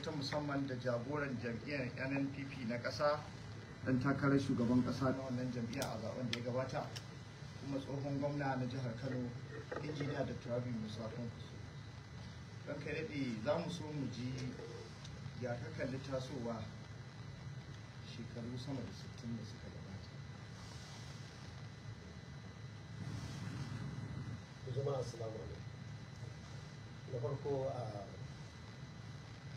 ta musamman da jagoran jam'iyyar nnpp na ƙasa dan takarar shugaban ƙasa na wannan jam'iyya a zaben da ya gabata kuma tsohon gwamna na jihar kano injiniya da turabi musa kwankwaso don kai daɗe za mu so mu ji ya ka kalli tasowa shekaru sama da sittin da suka gabata jama'a assalamu alaikum na farko a ah,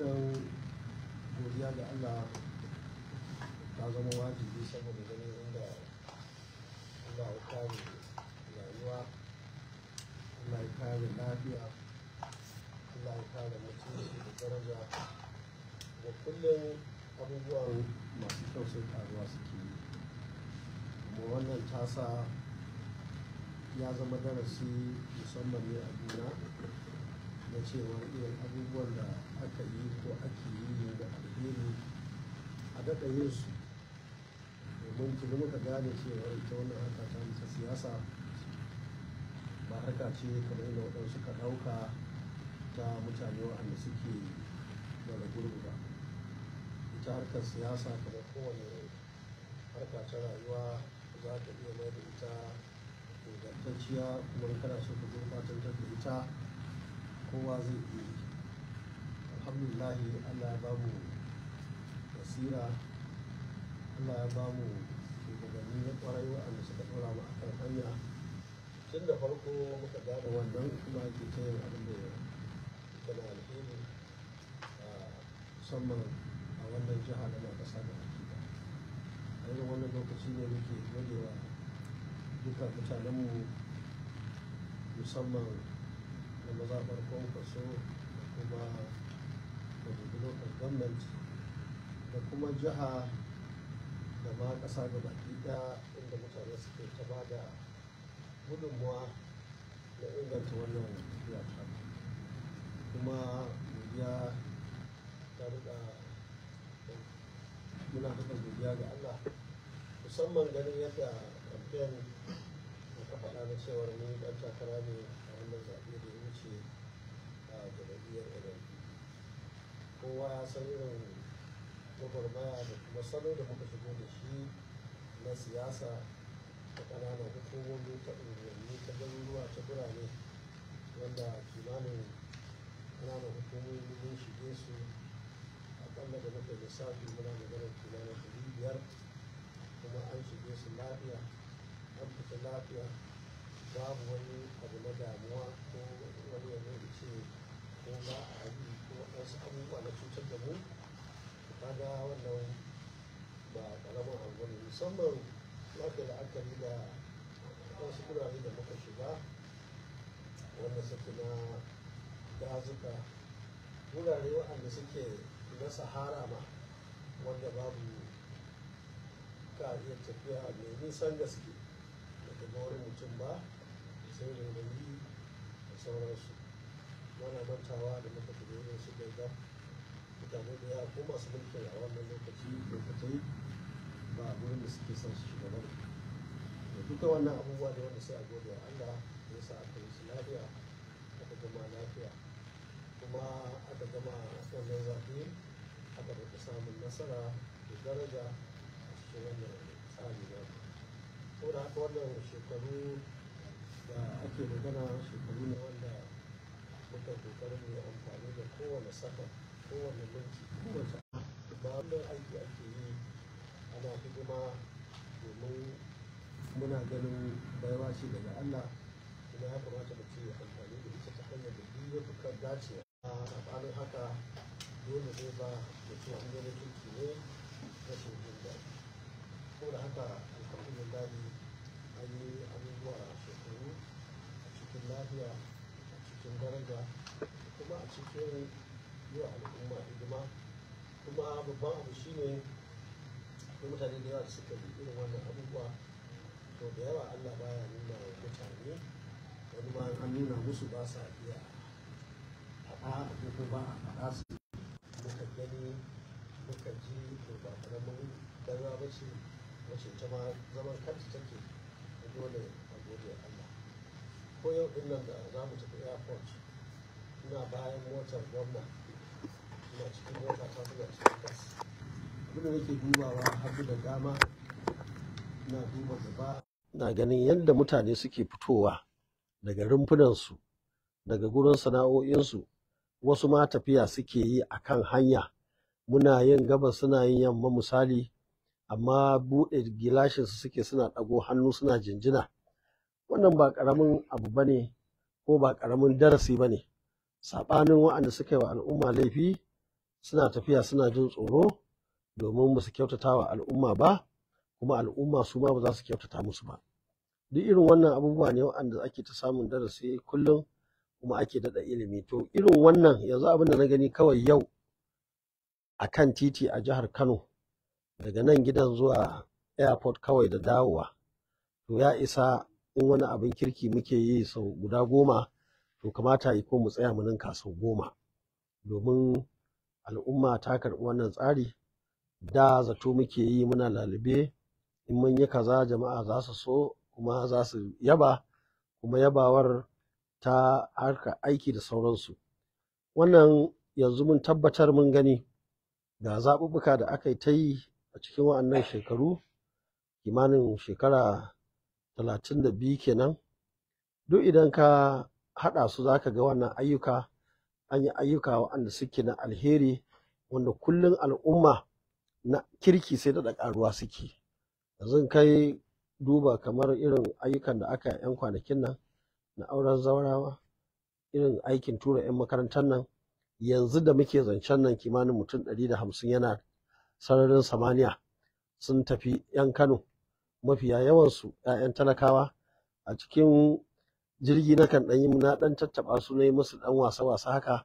wannan godiya da allah ta zama wajibi saboda ganin inda allah ya kare rayuwa allah ya kare lafiya allah ya kare mutunci da daraja da kullum abubuwan masu kyau sun karuwa suke yi kuma wannan tasa ya zama darasi musamman ne a duniya na cewa irin abubuwan da aka yi ko ake yi da alheri a daɗa yin su domin tuni muka gane cewa ita wannan harka ta ta siyasa ba harka ce kamar yadda waɗansu ka ɗauka ta mutane waɗanda suke daga gurbi ba ita harkar siyasa kamar kowane harka ta rayuwa za ka iya mai da ita ingantacciya kuma kana so ka gurbatar da ita kowa zai iya yi alhamdulillahi allah ya ba mu basira allah ya ba mu shugabanni na kwarai wa'anda suka ɗora mu a kan hanya tun da farko muka gada wannan kuma ake ta yin abin da ya da alheri musamman a wannan jiha da na ƙasa da hakika. a irin wannan lokaci ne muke gode wa duka mutanenmu musamman da mazaɓar kwankwaso da kuma madubi local government da kuma jiha da ma ƙasa ga baki inda mutane suke ta ba da gudunmuwa da inganta wannan tafiya ta kuma godiya ta riƙa muna haɗa godiya ga Allah musamman ganin yadda kamfen da ka faɗa da cewar mun ɗan takara ne wannan zaɓe da wuce a jam'iyyar NLP kowa ya san irin gwagwarmaya da kuma salo da muka shigo da shi na siyasa ta ƙananan hukumomi ta unguwanni ta garuruwa ta birane wanda kimanin ƙananan hukumomi mun shige su akalla da muka lissafi muna magana kimanin ɗari biyar kuma an shige su lafiya an fita lafiya babu wani abu na damuwa ko wani yanzu da ce ko ba a yi ko wasu abubuwa na cutar da mu kaga wannan ba karamin abu ne musamman ya aka la'akari da wasu kurare da muka shiga wanda suke na dazuka wurare waɗanda suke na sahara ma wanda babu ka iya tafiya mai nisan gaske daga wurin mutum ba sai rairayi da sauransu mana mantawa da muka fi yin su da ga mutane da yawa ko masu mulkin a wannan lokaci lokacin ba a gurin da suke son su shiga bane da duka wannan abubuwa da wanda sai a gode wa Allah da ya sa aka yi su lafiya aka gama lafiya kuma aka gama wannan zaɓe aka da samun nasara da daraja a cikin wannan tsari na saboda haka wannan shekaru da ake magana shekaru ne wanda muka kokarin mai amfani da kowane safa kowane lokaci kowace ba da aiki ake yi ana hidima domin muna ganin baiwa ce daga Allah kuma ya kamata mu ce amfani da ita ta hanyar da duk ya fuka dace a tsakanin haka dole ne ba da ce an gani kirki ne rashin jin daɗi ko da haka alhamdulillah an yi abubuwa shekaru a cikin lafiya a cikin daraja kuma a cikin yi al'umma hidima kuma babban abu shine ne mutane da yawa da suka yi irin wannan abubuwa to da yawa allah baya nuna wa mutane wani ma an nuna musu ba sa iya faɗa ko ba a faɗa su muka gani muka ji to ba ƙaramin dara ba ce mace ta ma zaman kanta take dole a gode Allah ko yau din nan da za mu tafi airport ina bayan motar gwamna ina cikin mota ta buga cikin gas abin da nake dubawa har da dama ina duba gaba ina ganin yadda mutane suke fitowa daga rumfunansu daga gurin sana'o'insu wasu ma tafiya suke yi a kan hanya muna yin gaba suna yin yamma misali amma buɗe gilashinsu suke suna ɗago hannu suna jinjina wannan ba ƙaramin abu ba ne ko ba ƙaramin darasi ba ne saɓanin wa'anda suka yi wa al'umma laifi suna tafiya suna jin tsoro domin ba su kyautata wa al'umma ba kuma al'umma su ma ba za su kyautata musu ba duk irin wannan abubuwa ne waɗanda ake ta samun darasi kullum kuma ake daɗa ilimi to irin wannan yanzu abin da na gani kawai yau a kan titi a jihar kano daga nan gidan zuwa airport kawai da dawowa to ya isa in wani abin kirki muke yi sau guda goma to kamata iko mu tsaya mu ninka sau goma domin al'umma ta karɓi wannan tsari da zato muke yi muna lalube in mun yi kaza jama'a za su so kuma za su yaba kuma yabawar ta harka aiki da sauransu wannan yanzu mun tabbatar mun gani ga zaɓuɓɓuka da aka yi ta yi a cikin wa'annan shekaru kimanin shekara talatin da biyu kenan duk idan ka haɗa su za ka ga wannan ayyuka an yi ayyuka waɗanda suke na alheri wanda kullum al'umma na kirki sai da ƙaruwa suke yanzu kai duba kamar irin ayyukan da aka yan kwanakin nan na auren zaurawa irin aikin tura 'yan makarantar nan yanzu da muke zancen nan kimanin mutum ɗari da hamsin yana sararin samaniya sun tafi 'yan kano mafiya yawansu 'ya'yan talakawa a cikin jirgi na kan ɗanyi na ɗan tattaɓa su na yi musu ɗan wasa-wasa haka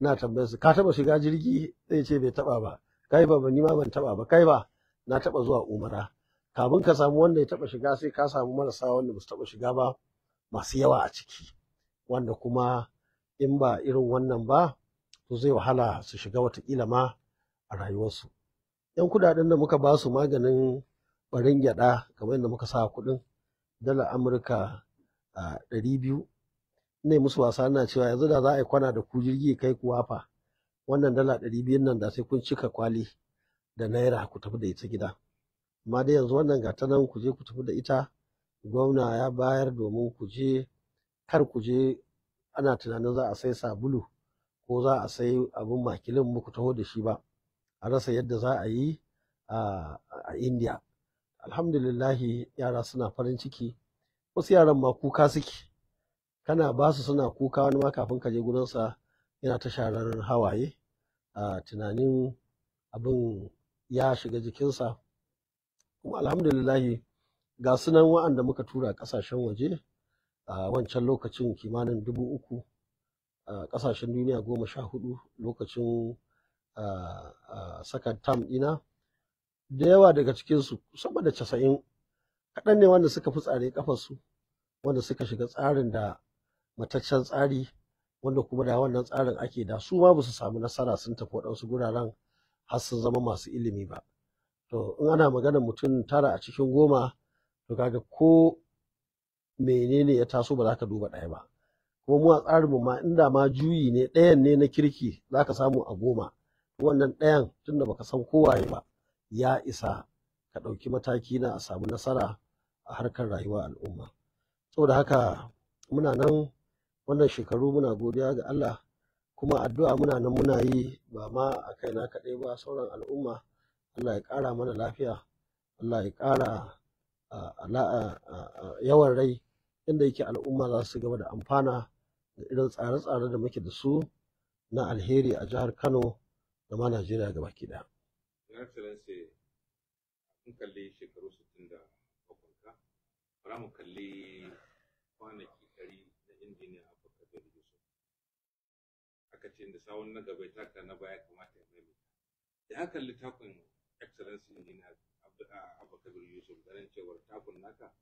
na tambayar su ka taɓa shiga jirgi zai ce bai taɓa ba kai ba ni ma ban taɓa ba kai ba na taɓa zuwa umara kafin ka samu wanda ya taɓa shiga sai ka samu marasa wanda ba su taɓa shiga ba masu yawa a ciki wanda kuma in ba irin wannan ba to zai wahala su shiga watakila ma a rayuwarsu yan kudaden da muka ba su maganin barin gyada kamar yadda muka sa kudin dala amurka a ɗari biyu ne musu wasa na cewa yanzu da za a yi kwana da ku jirgi kai ku wafa wannan dala ɗari biyun nan da sai kun cika kwali da naira ku tafi da ita gida amma dai yanzu wannan gata nan ku je ku tafi da ita gwamna ya bayar domin ku je kar ku je ana tunanin za a sai sabulu ko za a sai abin makilin muku taho da shi ba a rasa yadda za a yi a India. Alhamdulillahi yara suna farin ciki, wasu yaran ma kuka suke, kana ba su suna kuka wani ma kafin ka je gurinsa yana ta sharar hawaye, a tunanin abin ya shiga jikinsa. Kuma alhamdulillahi ga sunan wa'anda muka tura kasashen waje a wancan lokacin kimanin dubu uku a kasashen duniya goma sha hudu lokacin second tam ɗina da yawa daga cikinsu sama da casa'in kaɗan ne wanda suka fi tsare ƙafarsu wanda suka shiga tsarin da mataccen tsari wanda kuma da wannan tsarin ake da su ma su samu nasara sun tafi waɗansu guraren har sun zama masu ilimi ba to in ana magana mutum tara a cikin goma to kaga ko menene ya taso ba za ka duba ɗaya ba kuma mu a tsarinmu ma inda ma juyi ne ɗayan ne na kirki za ka samu a goma wannan ɗayan tunda baka san kowaye ba ya isa ka ɗauki mataki na a samu nasara a harkar rayuwa al'umma saboda haka muna nan wannan shekaru muna godiya ga Allah kuma addu'a muna nan muna yi ba ma a kaina kaɗai ba sauran al'umma Allah ya ƙara mana lafiya Allah ya ƙara yawan rai inda yake al'umma za su gaba da amfana da irin tsare-tsare da muke da su na alheri a jihar Kano zama Najeriya ga baki shekaru 60 da kwakwanka bara kalli kwanaki na injiniya da aka ce da sawon na gaba taka na baya kamata ya da injiniya yusuf ganin cewar takun naka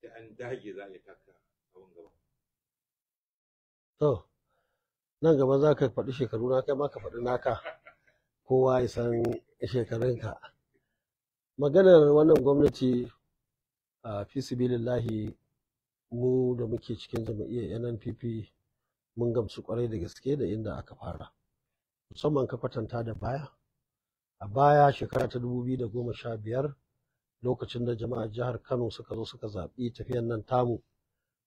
da an dage za taka sawon gaba nan gaba za ka faɗi shekaru na kai ma ka faɗi naka kowa ya san shekarunka maganar wannan gwamnati a fi lillahi, mu da muke cikin jam'iyyar nnpp mun gamsu kwarai da gaske da inda aka fara musamman ka kwatanta da baya a baya shekara ta 2015 lokacin da jama'ar jihar kano suka zo suka zaɓi tafiyan nan tamu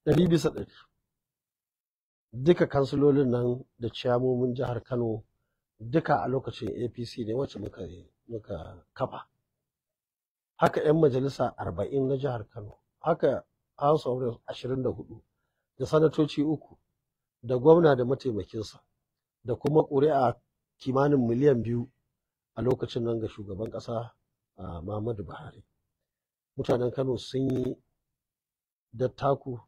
ɗari bisa ɗari duka kansilolin nan da ciyamomin jihar kano duka a lokacin apc ne wacce muka muka kafa haka 'yan majalisa 40 na jihar kano haka house of reps 24 da sanatoci uku da gwamna da mataimakinsa da kuma ƙuri'a kimanin miliyan biyu a lokacin nan ga shugaban ƙasa a Muhammadu Buhari. Mutanen Kano sun yi taku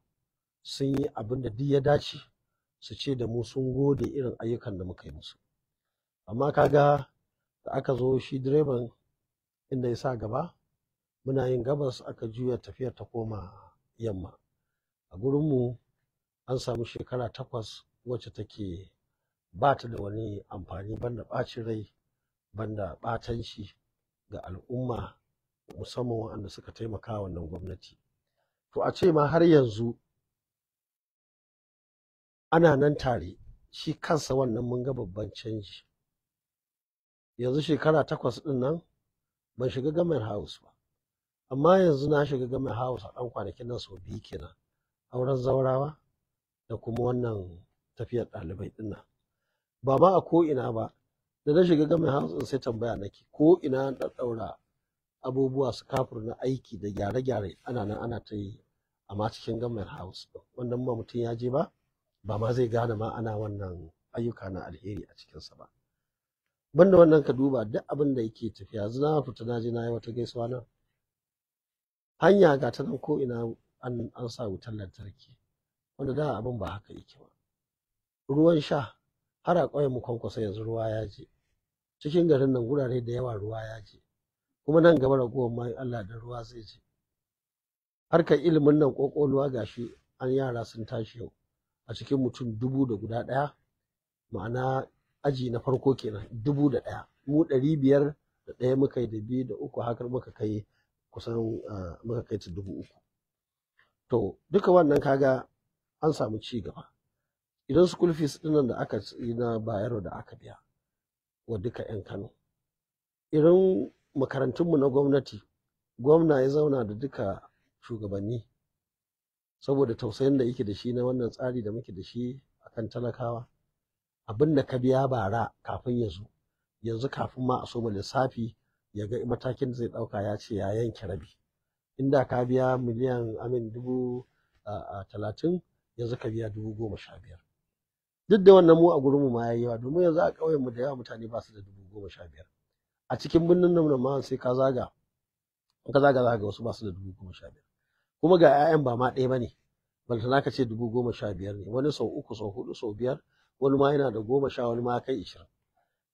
sun yi abinda da ya dace su ce da mu sun gode irin ayyukan da muka yi musu amma kaga da aka zo shi direban inda ya sa gaba muna yin gabas aka juya tafiyar ta koma yamma a gurinmu an samu shekara takwas wacce take ba ta da wani amfani banda ɓacin rai banda ɓatanci ga al'umma musamman waɗanda suka taimaka wannan gwamnati to a ce ma har yanzu ana nan tare shi kansa wannan mun ga babban canji yanzu shekara takwas din nan ban shiga gamar house ba amma yanzu na shiga gamar house a ɗan kwanakin nan sau biyu kenan auren zaurawa da kuma wannan tafiyar ɗalibai ɗin nan ba ma a ko'ina ba da na shiga gamar house in sai tambaya nake ko ina na ɗaura abubuwa su kafur na aiki da gyare-gyare ana nan ana ta yi amma cikin gamar house ɗin wannan ba mutum ya je ba ba ma zai gane ma ana wannan ayyuka na alheri a cikinsa ba banda wannan ka duba duk abin da yake tafiya zina na fita na je na yi wata gaisuwa na hanya ga ta nan ko ina an an sa wutar lantarki wanda da abin ba haka yake ba ruwan sha har a ƙauyen mu kwankwasa yanzu ruwa ya je cikin garin nan gurare da yawa ruwa ya je kuma nan gaba ragowar ma Allah da ruwa zai je harkar ilimin nan ƙwaƙwalwa gashi an yara sun tashi yau a cikin mutum dubu da guda ɗaya ma'ana aji na farko kenan dubu da ɗaya mu ɗari biyar da ɗaya muka yi da biyu da uku hakan muka kai kusan muka kai ta dubu uku to duka wannan kaga an samu ci gaba idan school fees ɗinnan da aka yi na bayar da aka biya wa duka 'yan kano Idan makarantunmu na gwamnati gwamna ya zauna da duka shugabanni saboda tausayin da yake da shi na wannan tsari da muke da shi a kan talakawa abin da ka biya bara kafin ya zo yanzu kafin ma a so lissafi ya ga matakin da zai ɗauka ya ce ya yanke rabi inda ka biya miliyan amin dubu talatin yanzu ka biya dubu goma sha biyar duk da wannan mu a gurinmu ma ya yi yawa domin yanzu a ƙauyen mu da yawa mutane ba su da dubu goma sha biyar a cikin birnin nan ma sai ka zaga in ka zaga zaga wasu ba su da dubu goma sha biyar kuma ga 'ya'yan ba ma ɗaya ba ne baltana ka ce dubu goma sha biyar ne wani sau uku sau hudu sau biyar wani ma yana da goma sha wani ma kai ishirin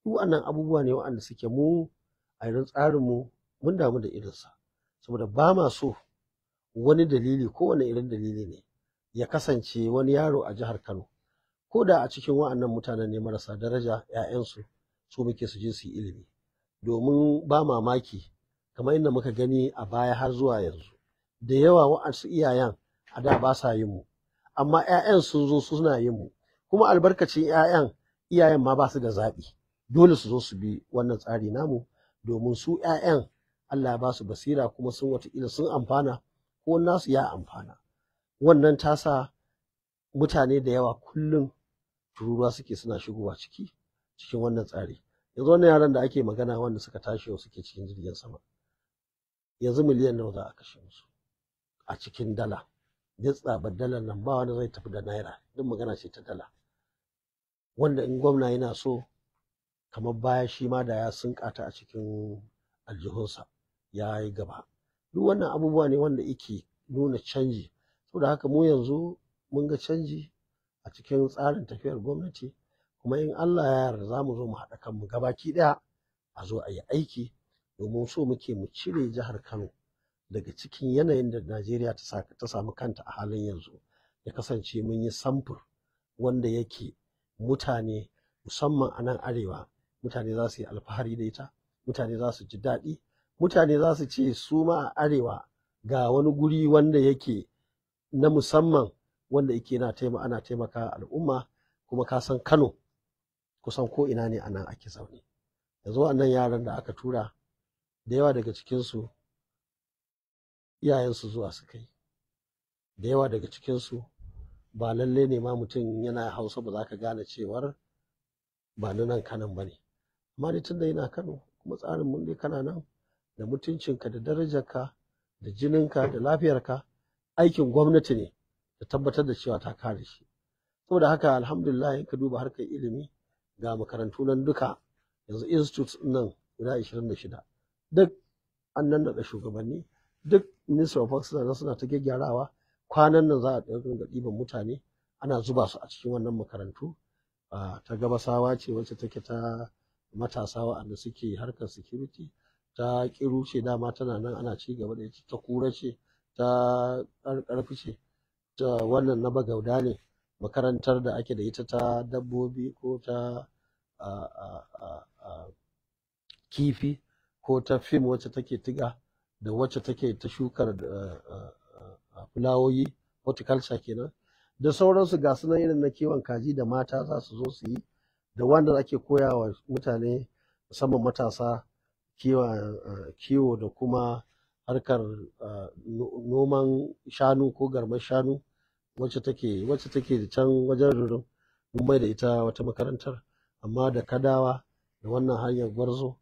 duk wannan abubuwa ne waɗanda suke mu a irin tsarinmu mun damu da irinsa saboda ba ma so wani dalili ko wani irin dalili ne ya kasance wani yaro a jihar kano ko da a cikin wa'annan mutanen ne marasa daraja 'ya'yansu su muke su je su yi ilimi domin ba mamaki kamar inda muka gani a baya har zuwa yanzu da yawa wa'ansu iyayen a da ba sa yin mu amma 'ya'yan sun zo suna yin mu kuma albarkacin 'ya'yan iyayen ma ba su da zaɓi dole su zo su bi wannan tsari namu domin su 'ya'yan Allah ya ba su basira kuma sun watakila sun amfana ko nasu ya amfana wannan ta sa mutane da yawa kullum tururuwa suke suna shigowa ciki cikin wannan tsari yanzu wannan yaran da ake magana wanda suka tashi suke cikin jirgin sama yanzu miliyan nawa za a kashe musu a cikin dala duk ba dala nan ba wanda zai tafi da naira duk magana ce ta dala wanda in gwamna yana so kamar baya shi ma da ya sunkata a cikin aljihunsa ya yi gaba duk wannan abubuwa ne wanda yake nuna canji saboda haka mu yanzu mun ga canji a cikin tsarin tafiyar gwamnati kuma in Allah ya yarda za mu zo mu haɗa kanmu gabaki ɗaya a zo a yi aiki domin so muke mu cire jihar Kano daga cikin yanayin da Najeriya ta samu kanta a halin yanzu ya kasance mun yi samfur wanda yake mutane musamman a nan arewa mutane za su yi alfahari da ita mutane za su ji daɗi mutane za su ce su ma a arewa ga wani guri wanda yake na musamman wanda yake na taima ana taimaka al'umma kuma ka san kano kusan ko ina ne a nan ake zaune yanzu nan yaran da aka tura da yawa daga cikinsu iyayensu zuwa su kai. da yawa daga cikinsu ba lalle ne ma mutum yana hausa ba za ka gane cewar ba na nan kanan ba ne amma dai tunda yana kano kuma tsarin mun dai kana nan da mutuncinka da darajarka da jininka da lafiyarka aikin gwamnati ne da tabbatar da cewa ta kare shi saboda haka alhamdulillah in ka duba harkar ilimi ga makarantu nan duka yanzu institute nan guda 26 duk an nan shugabanni duk ministry of na suna ta gyarawa kwanan nan za a dinga ɗiban mutane ana zuba su a cikin wannan makarantu ta gabasawa ce wacce take ta matasa waɗanda suke harkar security ta kiru ce dama tana nan ana ci gaba da ita ta kura ce ta ƙarfi ce ta wannan na bagauda ne makarantar da ake da ita ta dabbobi ko ta kifi ko ta fim wacce take tiga da wacce take ta shukar eh, eh, eh, fulawoyi horticulture kenan da sauransu ga sunan irin na kiwon kaji da mata za su zo su yi da wanda ake koya wa mutane musamman matasa kiwo da kuma harkar noman shanu ko garman shanu wacce take da can wajen rurin mai da ita wata makarantar amma da kadawa da wannan hanyar gwarzo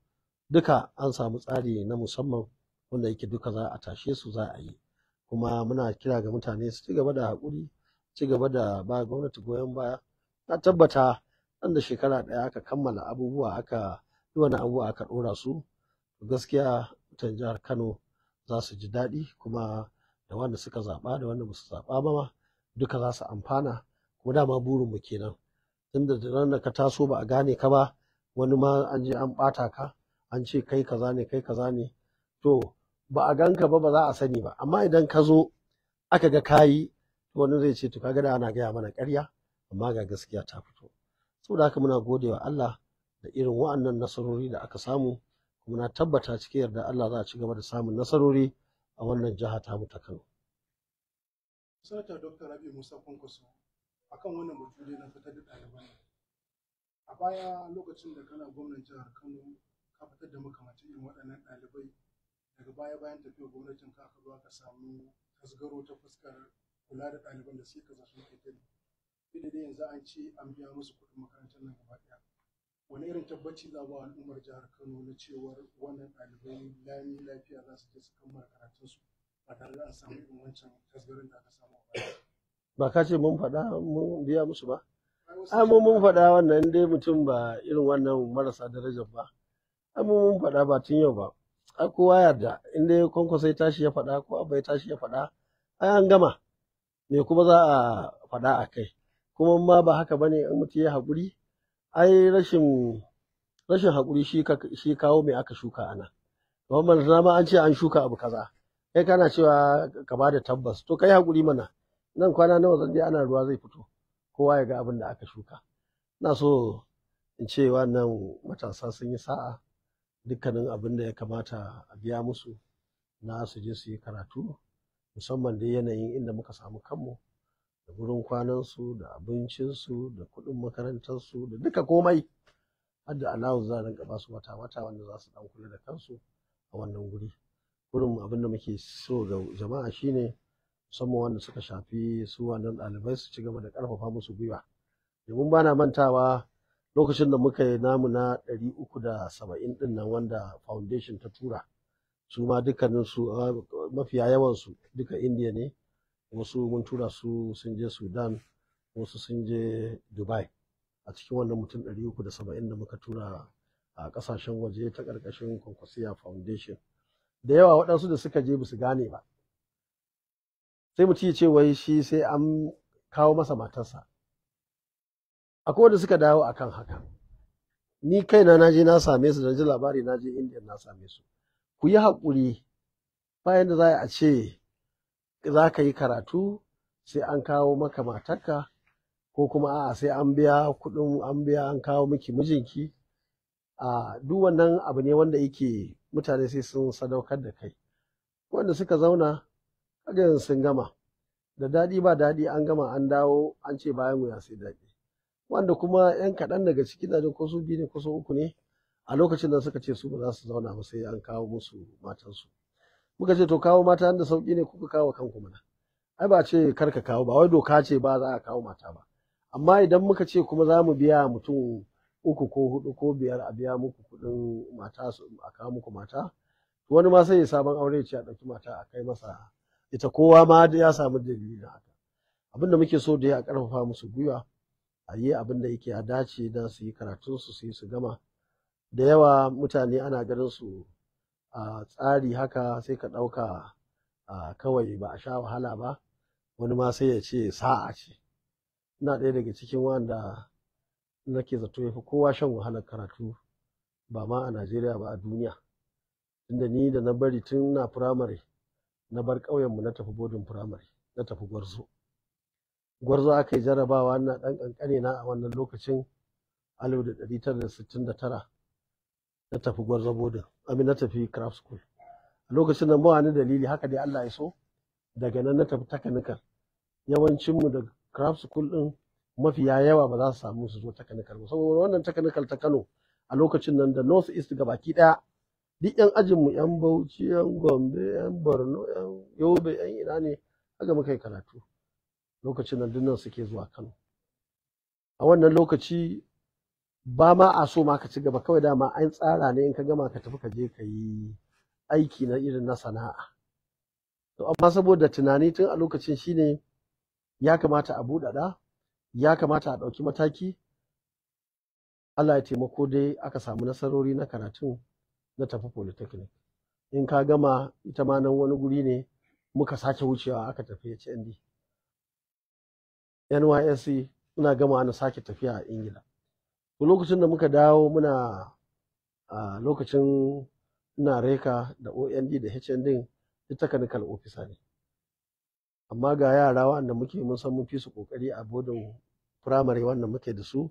duka an samu tsari na musamman wanda yake duka za a tashe su za a yi kuma muna kira ga mutane su ci gaba da haƙuri ci gaba da ba gwamnati goyon baya na tabbata nan da shekara ɗaya aka kammala abubuwa aka yi wani abubuwa aka ɗora su gaskiya mutan jihar kano za su ji daɗi kuma da wanda suka zaɓa da wanda ba su zaɓa ba duka za su amfana kuma dama burinmu kenan tunda da ranar ka taso ba a gane ka ba wani ma an je an ɓata ka an ce kai kaza ne kai kaza ne to ba a ganka ba ba za a sani ba amma idan ka zo aka ga kayi wani zai ce to kaga da ana gaya mana ƙarya amma ga gaskiya ta fito saboda haka muna gode wa Allah da irin wa'annan nasarori da aka samu muna tabbata cikin yarda Allah za a ci gaba da samun nasarori a wannan jiha ta mu ta Kano Sanata Dr. Rabi Musa Kwankwaso akan wannan batu na fitar da ɗaliban a baya lokacin da kana gwamnan jihar Kano ka fitar da makamacin irin waɗannan ɗalibai daga baya bayan tafiyar gwamnatin ka aka zuwa ka samu tasgaro ta fuskar kula da ɗaliban da suke kasa sun ƙetare duk yanzu an ce an biya musu kuɗin makarantar nan gaba ɗaya wani irin tabbaci za ba al'ummar jihar kano na cewar wannan ɗalibai lami lafiya za su je su kammala karatunsu ba tare da an samu irin wancan tasgarin da aka samu a baya ba ka ce mun faɗa mun biya musu ba amma mun faɗa wannan dai mutum ba irin wannan marasa darajar ba amma mun faɗa ba tun yau ba a kowa yarda in dai kwankwaso ya tashi ya faɗa ko bai tashi ya faɗa ai an gama me kuma za a faɗa a kai kuma ma ba haka bane in mutum ya haƙuri ai rashin rashin haƙuri shi kawo me aka shuka ana Babban na ma an ce an shuka abu kaza kai kana cewa ka bada tabbas to kai haƙuri mana nan kwana nawa zan je ana ruwa zai fito kowa ya ga abin da aka shuka ina so in ce wannan matasa sun yi sa'a dukkanin abin da ya kamata a biya musu na su je su yi karatu musamman dai yanayin inda muka samu kanmu da wurin kwanansu da abincinsu da kuɗin makarantarsu da duka komai har da alawu za a rinka basu wata wata wanda za su dan kula da kansu a wannan guri gurin abin da muke so ga jama'a shine musamman wanda suka shafi su wannan ɗalibai su ci gaba da ƙarfafa musu gwiwa domin bana mantawa lokacin da muka yi namu na 370 din nan wanda foundation ta tura su ma dukkanin su mafiya yawan su duka indiya ne wasu mun tura su sun je sudan wasu sun je dubai a cikin wannan mutum uku da saba'in da muka tura a kasashen waje ta karkashin kwankwasiya foundation da yawa waɗansu da suka je su gane ba sai mu ce wai shi sai an kawo masa matarsa akwai wanda suka dawo akan haka ni kaina na je na same su da ji labari na je indiya na same su ku yi haƙuri bayan da za a ce za ka yi karatu sai an kawo maka matarka ko kuma a'a sai an biya kuɗin an biya an kawo miki mijinki a duk wannan abu ne wanda yake mutane sai sun sadaukar da kai wanda suka zauna kaga sun gama da daɗi ba daɗi an gama an dawo an ce bayan wuya sai daɗi wanda kuma yan kaɗan daga ciki na jin ko biyu ne ko uku ne a lokacin da suka ce su ba za su zauna ba sai an kawo musu matansu muka ce to kawo mata da sauƙi ne kuka kawo kanku mana ai ba ce kar ka kawo ba wai doka ce ba za a kawo mata ba amma idan muka ce kuma za mu biya mutum uku ko hudu ko biyar a biya muku kuɗin mata a kawo muku mata wani ma sai ya sabon aure ce a ɗauki mata a kai masa ita kowa ma ya samu dalilin haka abinda muke so da ya karfafa musu gwiwa a yi abin da yake a dace da su yi karatun su su yi su gama da yawa mutane ana ganin su a tsari haka sai ka ɗauka kawai ba a sha wahala ba wani ma sai ya ce sa'a ce ina ɗaya daga cikin wanda nake zato ya fi kowa shan wahalar karatu ba ma a najeriya ba a duniya inda ni da na bari tun na firamare na bar ƙauyenmu na tafi bodin firamare na tafi gwarzo gwarzo aka yi jarabawa na ɗan ƙanƙane na a wannan lokacin 1969 na tafi gwarzo bodin amin na tafi craft school a lokacin nan bawa ni dalili haka dai Allah ya so daga nan na tafi takanikar yawancinmu da craft school ɗin mafiya yawa ba za su samu su zo takanikar ba saboda wannan takanikar ta Kano a lokacin nan da North East ga baki ɗaya duk yan ajinmu yan Bauchi yan Gombe yan Borno yan Yobe yan ina ne haka muka yi karatu lokacin nan dinnan suke zuwa Kano a wannan lokaci ba ma a so ma ka ci gaba kawai dama an tsara ne in ka gama ka tafi ka je ka yi aiki na irin na sana'a to amma saboda tunani tun a lokacin shine ya kamata a buɗaɗa ya kamata a ɗauki mataki Allah ya taimako dai aka samu nasarori na karatun na tafi polytechnic in ka gama ita ma nan wani guri ne muka sake wucewa aka tafi hnd. ce nysc ina gama na sake tafiya a ingila ku lokacin da muka dawo muna a lokacin ina reka da ond da hnd duk technical officer ne amma ga yara wanda muke mun san mun fi su kokari a bodin firamare wanda muke da su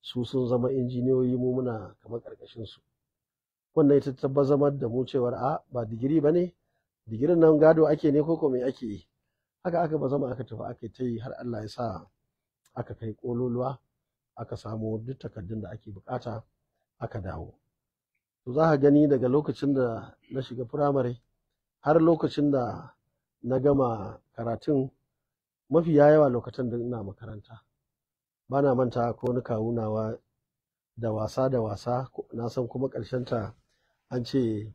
su sun zama injiniyoyi mu muna kamar karkashin su wannan ita ta tabbatar da mu cewar a ba digiri bane ne digirin nan gado ake ne ko me ake yi haka aka ba zama aka tafi aka ta yi har Allah ya sa aka kai kololuwa aka samu duk takardun da ake bukata aka dawo to za ka gani daga lokacin da na shiga firamare har lokacin da na gama karatun mafi yawa lokacin da ina makaranta ba na manta ko ni kawunawa da wasa da wasa na san kuma ƙarshen ta an ce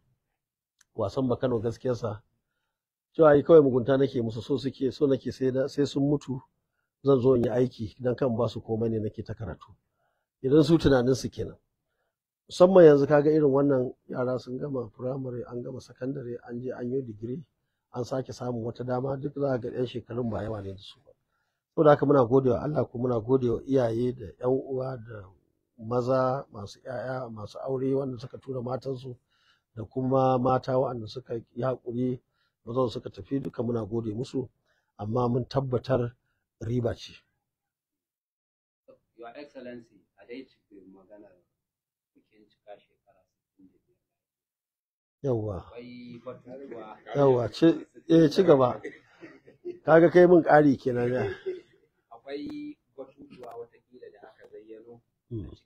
wasan bakano gaskiyarsa cewa ai kawai mugunta nake musu so suke so nake sai sai sun mutu zan zo in yi aiki dan kan ba su komai ne nake ta karatu idan su tunanin su kenan musamman yanzu kaga irin wannan yara sun gama firamare an gama sakandare an je an yi digiri an sake samun wata dama duk za ga yan shekarun ba yawa ne da su ba da haka muna godewa Allah ko muna gode wa iyaye da ƴan uwa da maza masu ‘ya'ya masu aure wanda suka tura matansu da kuma mata waɗanda suka yi haƙuri mazan suka tafi duka muna gode musu amma mun tabbatar riba ce your excellency a dai cikin maganar bikin cika shekara yawwa yawwa ce eh ci gaba kaga kai mun ƙari kenan akwai batutuwa watakila da aka zayyano hmm.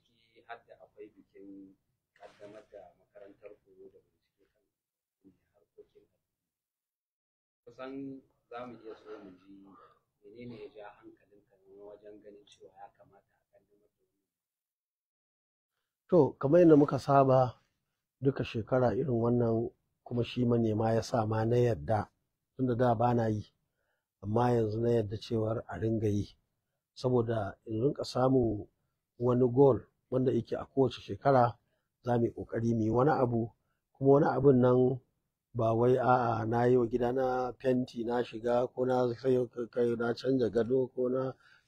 san za mu iya so mu ji menene ya ja hankalinka wajen ganin cewa ya kamata a ƙaddamar da To, kamar yadda muka saba duka shekara irin wannan kuma shi manema ya sa ma na yadda tunda da ba na yi amma yanzu na yadda cewar a ringa yi saboda in rinka samun wani gol wanda yake a kowace shekara za mu yi ƙoƙari mu yi wani abu kuma wani abun nan ba wai a'a na yi wa gida na fenti na shiga ko na kai na canja gado ko na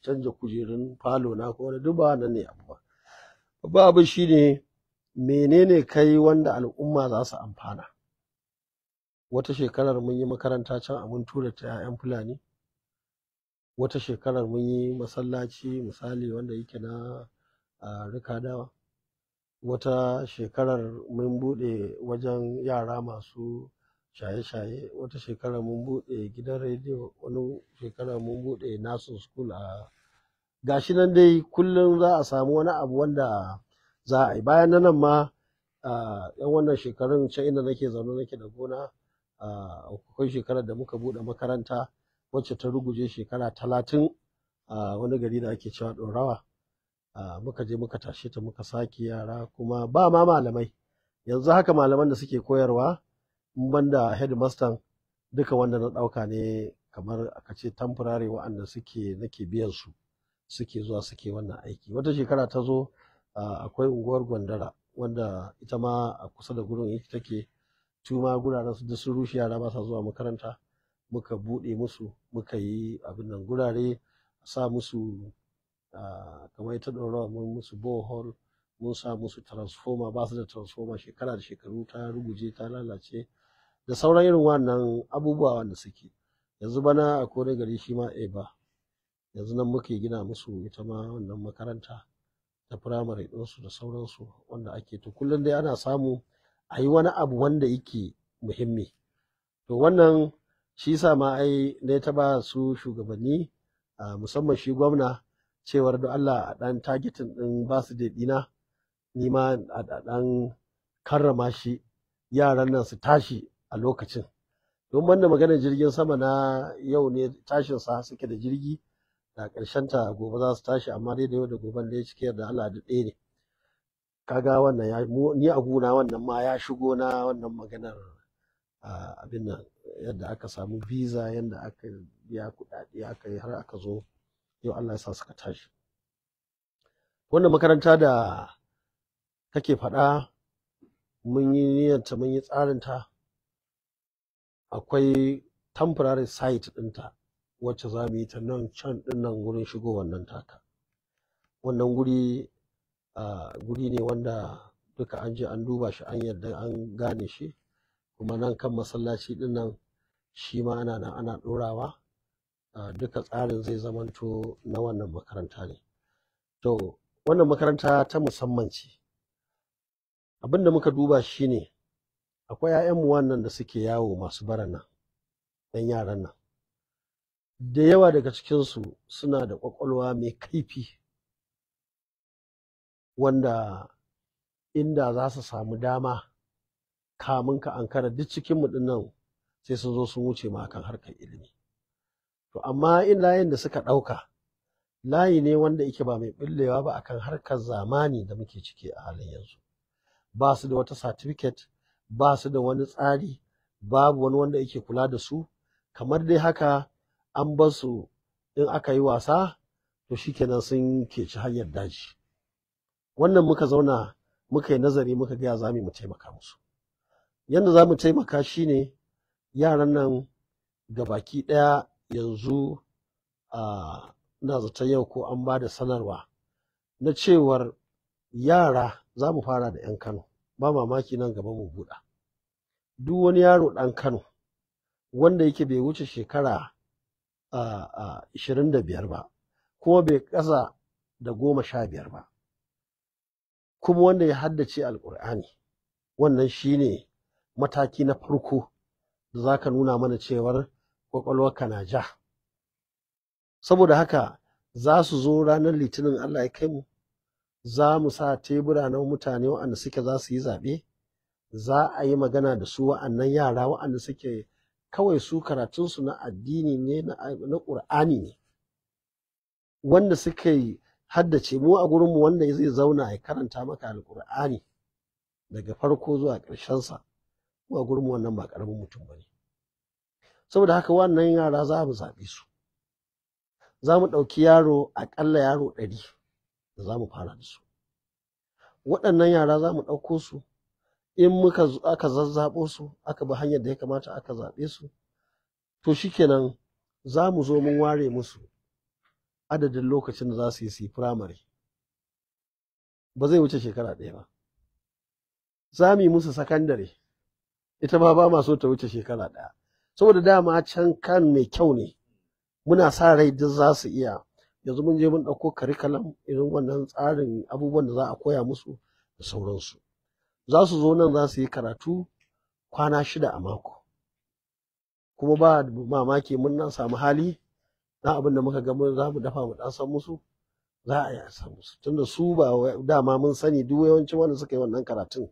canja kujerun falo na ko na duk ba nan ne abu ba babban shi shine menene kai wanda al'umma za su amfana wata shekarar mun yi makaranta can a mun tura ta 'ya'yan fulani wata shekarar mun yi masallaci misali wanda yake na rikadawa wata shekarar mun bude wajen yara masu shaye-shaye wata shekara mun buɗe gidan rediyo wani shekara mun buɗe nasu school a gashi nan dai kullum za a samu wani abu wanda za a yi bayan na nan ma yan wannan shekarun can inda nake zaune nake da gona a akwai shekarar da muka buɗe makaranta wacce ta ruguje shekara talatin a wani gari da ake cewa ɗorawa muka je muka tashe ta muka sake yara kuma ba ma malamai yanzu haka malaman da suke koyarwa ban da headmaster duka wanda na ɗauka ne kamar aka ce temporary wa'anda suke nake biyan su suke zuwa suke wannan aiki wata shekara ta zo akwai unguwar gwandara wanda ita ma a kusa da gurin yake take tuma guraren su da sun rushe yara ba sa zuwa makaranta muka buɗe musu muka yi abin nan gurare sa musu kamar ita ɗorawa mun musu borehole mun sa musu transformer ba su da transformer shekara da shekaru ta ruguje ta lalace da sauran irin wannan abubuwa wanda suke yanzu bana a kore gari shi ma eba eh yanzu nan muke gina musu ita ma wannan makaranta ta firamare ɗinsu da sauransu wanda ake to kullum dai ana samu a yi wani abu wanda yake muhimmi to wannan shi sa ma ai ne ta ba su shugabanni musamman shi gwamna cewar da Allah a ɗan targetin ɗin ba su ɗina ni ma a ɗan karrama shi yaran nan su tashi a lokacin don banda maganar jirgin sama na yau ne tashin sa suke da jirgi da karshen ta gobe za su tashi amma dai da yau da gobe ne cike da Allah da ɗaya ne kaga wannan ya ni a gona wannan ma ya shigo na wannan maganar abin nan yadda aka samu visa yadda aka biya kuɗaɗe aka yi har aka zo yau Allah ya sa suka tashi wannan makaranta da kake faɗa mun yi niyyarta mun yi tsarinta akwai temporary site ɗinta wacce za mu yi ta nan can ɗin nan wurin shigo wannan taka wannan guri guri ne wanda duka an je an duba shi an yadda an gane shi kuma nan kan masallaci ɗin nan shi ma ana nan ana ɗorawa duka tsarin zai zamanto na wannan makaranta ne to wannan makaranta ta musamman ce abinda muka duba shi ne. akwai 'ya'yanmu wannan da suke yawo masu barana, ɗan yaran nan da yawa daga cikinsu suna da ƙwaƙwalwa mai kaifi wanda inda za su samu dama kamun ka ankara duk cikinmu ɗin nan sai sun zo sun wuce ma kan harkar ilimi to amma in layin da suka ɗauka layi ne wanda yake ba mai ɓillewa ba akan harkar zamani da muke ciki a halin yanzu ba su da wata satifiket ba su da wani tsari babu wani wanda yake kula da su kamar dai haka an bar su in aka yi wasa to shi kenan sun ke ci hanyar daji wannan muka zauna muka yi nazari muka gaya za mu taimaka musu yadda za mu taimaka shine yaran nan ga baki ɗaya yanzu a na zaton yau ko an ba da sanarwa na cewar yara za mu fara da 'yan kano ba mamaki nan gaba mu buɗa duk wani yaro ɗan kano wanda yake bai wuce shekara ashirin da biyar ba kuma bai ƙasa da goma sha biyar ba kuma wanda ya haddace Alkur'ani, wannan shi ne mataki na farko da za ka nuna mana cewar ƙwaƙwalwarka na ja saboda haka za su zo ranar litinin allah ya kai mu za mu sa tebura na mutane waɗanda suke za su yi zaɓe za a yi magana da su wa'annan yara waɗanda suke kawai su karatunsu na addini ne na ƙur'ani ne wanda suke haddace mu a gurinmu wanda zai zauna ya karanta maka alƙur'ani daga farko zuwa ƙarshensa mu a gurinmu wannan ba ƙaramin mutum ba ne saboda haka wannan yara za mu zaɓe su za mu ɗauki yaro aƙalla yaro ɗari da za mu fara da su waɗannan yara za mu ɗauko su in muka aka zazzaɓo su aka bi hanyar da ya kamata aka zaɓe su to shikenan za mu zo mun ware musu adadin lokacin da za su yi su yi firamare ba zai wuce shekara ɗaya ba za mu yi musu sakandare ita ma ba ma so ta wuce shekara ɗaya saboda dama can kan mai kyau ne muna sa rai duk za su iya yanzu mun je mun ɗauko curriculum irin wannan tsarin abubuwan da za a koya musu da sauransu za su zo nan za su yi karatu kwana shida a mako kuma ba mamaki mun nan samu hali na abin da muka gama za mu dafa mu ɗan musu za a yi a musu tunda su ba dama mun sani duk yawancin wanda suka yi wannan karatun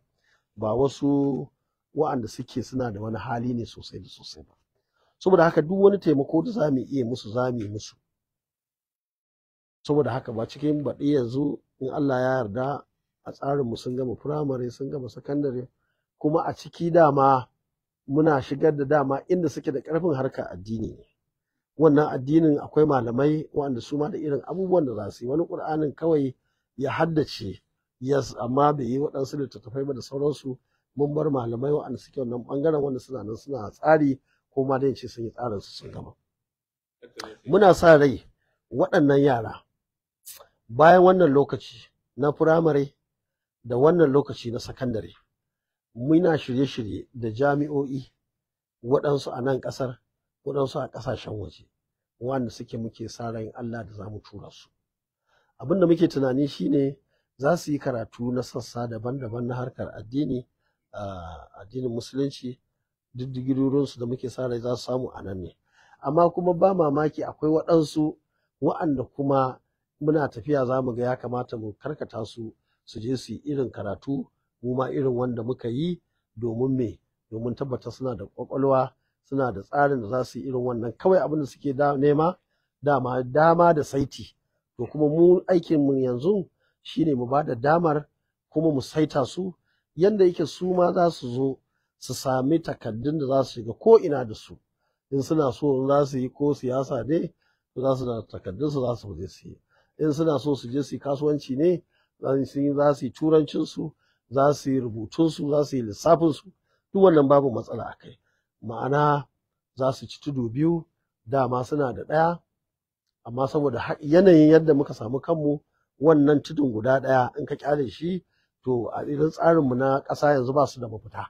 ba wasu wa'anda suke suna da wani hali ne sosai da sosai ba saboda haka duk wani taimako da za mu iya musu za mu yi musu saboda haka ba cikin baɗi yanzu in Allah ya yarda a tsarinmu sun gama firamare sun gama sakandare kuma a ciki dama muna shigar da dama inda suke da ƙarfin harka addini ne wannan addinin akwai malamai waɗanda su ma da irin abubuwan da za su yi wani ƙur'anin kawai ya haddace yas amma bai yi waɗansu littattafai ba da sauransu mun bar malamai waɗanda suke wannan ɓangaren wanda suna nan suna tsari ko ma dai ce sun yi tsarin su sun gama muna sa rai waɗannan yara bayan wannan lokaci na firamare da wannan lokaci na sakandare muna shirye-shirye da jami'o'i waɗansu a nan ƙasar waɗansu a ƙasashen waje wanda suke muke sa ran Allah da za mu tura su abin da muke tunani shine za su yi karatu na sassa daban-daban na harkar addini addinin musulunci duk digirorinsu da muke sa rai za su samu a nan ne amma kuma ba mamaki akwai waɗansu wa'anda kuma muna tafiya za mu ga ya kamata mu karkata su su je su irin karatu mu ma irin wanda muka yi domin me domin tabbata suna da kwakwalwa suna da tsarin da za su yi irin wannan kawai abin da suke nema dama dama da saiti to kuma mu aikin mu yanzu shine mu bada damar kuma mu saita su yanda yake su ma za su zo su sami takaddun da za su shiga ko ina da su in suna so za su yi ko siyasa ne za su da takaddun su za su je su yi in suna so su je su yi kasuwanci ne za su yi turancinsu za su yi rubutunsu za su yi lissafinsu duk wannan babu matsala a kai ma'ana za su ci tudu biyu dama suna da ɗaya amma saboda yanayin yadda muka samu kanmu wannan tudun guda ɗaya in ka kyale shi to a irin tsarinmu na ƙasa yanzu ba su da mafita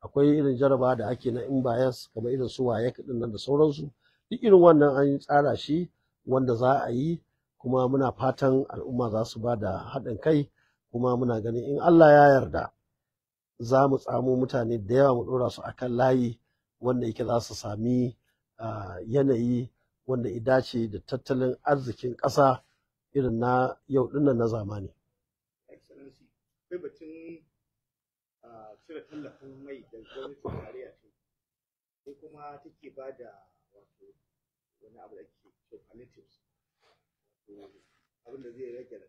akwai irin jaraba da ake na in bias kamar irin su waye kaɗin nan da sauransu duk irin wannan an tsara shi wanda za a yi kuma muna fatan al'umma za su ba da haɗin kai kuma muna ganin in Allah ya yarda za mu tsamo mutane da yawa mu ɗora su akan layi wanda yake za su sami yanayi wanda ya dace da tattalin arzikin ƙasa irin na yau nan na zamani. cire kuma take ba da wani abu da ake so abin da zai rage da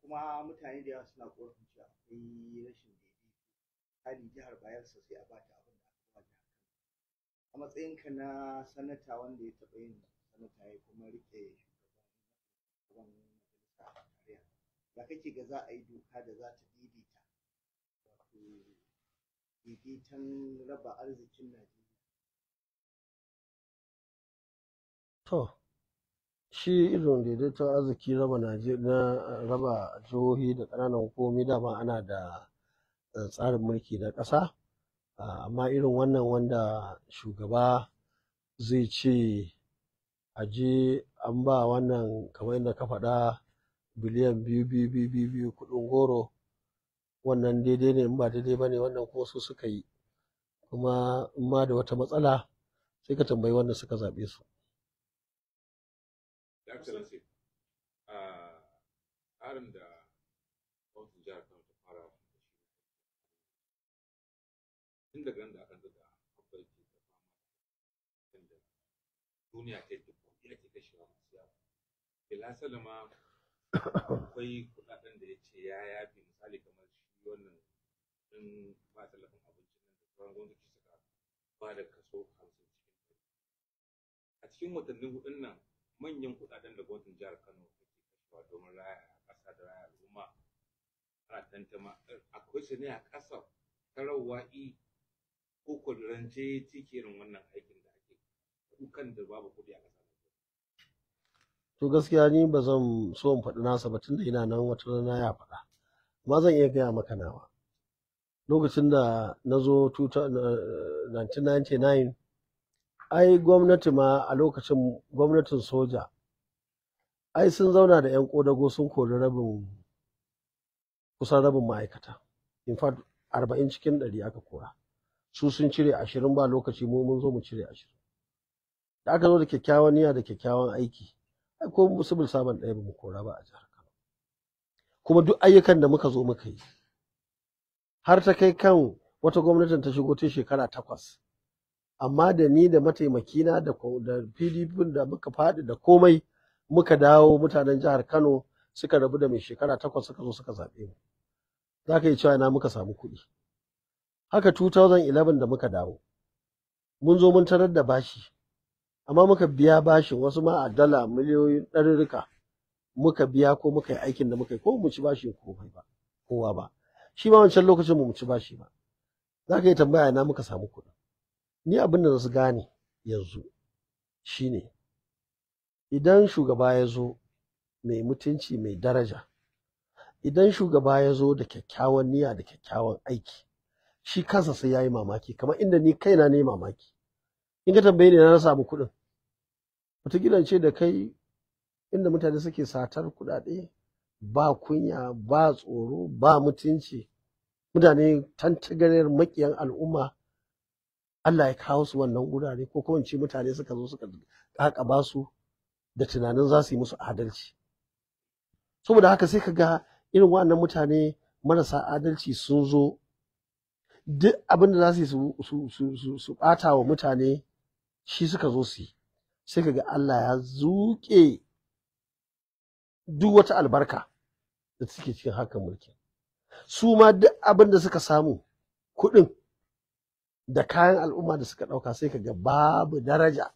kuma mutane da yawa suna korafin cewa akwai rashin daidaito hali jihar bayelsa sai a bata abin da aka ba jihar kano a matsayinka na sanata wanda ya taɓa yin sanata ya kuma riƙe shugaban majalisa tarayya ya kake ga za a yi doka da za ta daidaita wato daidaitan raba arzikin najeriya to shi irin daidaiton arziki raba na raba jihohi da ƙananan hukumomi dama ana da eh, tsarin mulki na ƙasa ah, amma irin wannan wanda shugaba zai ce a je an ba wannan kamar yadda ka faɗa biliyan biyu biyu biyu biyu biyu kuɗin goro wannan daidai ne in ba daidai ba ne wannan kuma su suka yi kuma in ma da wata matsala sai ka tambayi wanda suka zaɓe su tsarin da gwamnatin jihar Kano ta fara da shi tun daga nan da aka daga abba yake ta fama da duniya ta yi kuɗi ake kashewa masu yawa bila salama akwai kuɗaɗen da ya ce ya yafi misali kamar shi wannan ɗin ba tallafin abincin nan da sauran gwamnati suka ba da kaso hamsin cikin ɗari a cikin watannin hudun nan manyan kuɗaɗen da gwamnatin jihar Kano take kashewa domin raya al'umma ana tantama eh, akwai su ne a ƙasa tarawa i ko wannan aikin da ake kukan da babu kuɗi a ƙasa to gaskiya ni ba zan so in faɗi nasa ba tunda ina nan wata rana ya faɗa amma zan iya gaya maka nawa lokacin da na zo 1999 eh, ai gwamnati ma a lokacin gwamnatin soja ai sun zauna da 'yan kodago sun kori rabin kusan rabin ma'aikata in fact arba'in cikin ɗari aka kora su sun cire ashirin ba lokaci mu mun zo mu cire ashirin da aka zo da kyakkyawan niyya da kyakkyawan aiki ai ko musubil saban ɗaya ba mu kora ba a jihar kano kuma duk ayyukan da muka zo muka yi har ta kai kan wata gwamnatin ta shigo ta shekara takwas amma da ni da mataimakina da pdp da muka faɗi da komai muka dawo mutanen jihar Kano suka rabu da mai shekara takwas suka zo suka zaɓe mu za ka yi cewa ina muka samu kuɗi haka 2011 da muka dawo mun zo mun tarar da bashi amma muka biya bashin wasu ma a dala miliyoyin ɗarurruka muka biya ko muka yi aikin da muka yi ko mu ci bashin komai ba kowa ba shi ma wancan lokacin mu ci bashi ba za ka yi tambaya ina muka samu kuɗi ni abin da su gane yanzu shine idan shugaba ya zo mai mutunci mai daraja idan shugaba ya zo da kyakkyawan niyya da kyakkyawan aiki shi kansa sai ya yi mamaki kamar inda ni kaina ne mamaki in ka tambaye ni na samu kuɗin gidan ce da kai inda mutane suke satar kuɗaɗe ba kunya ba tsoro ba mutunci mutane tantagarar maƙiyan al'umma Allah ya kawo su wannan wurare ko kuma ce mutane suka zo suka ba su da tunanin za su yi musu adalci saboda haka sai ka ga irin waɗannan mutane marasa adalci sun zo duk abin da za su yi su ɓata wa mutane shi suka zo su yi sai ka ga Allah ya zuƙe duk wata albarka da suke cikin hakan mulki su ma duk abin da suka samu kuɗin da kayan al'umma da suka ɗauka sai ka ga babu daraja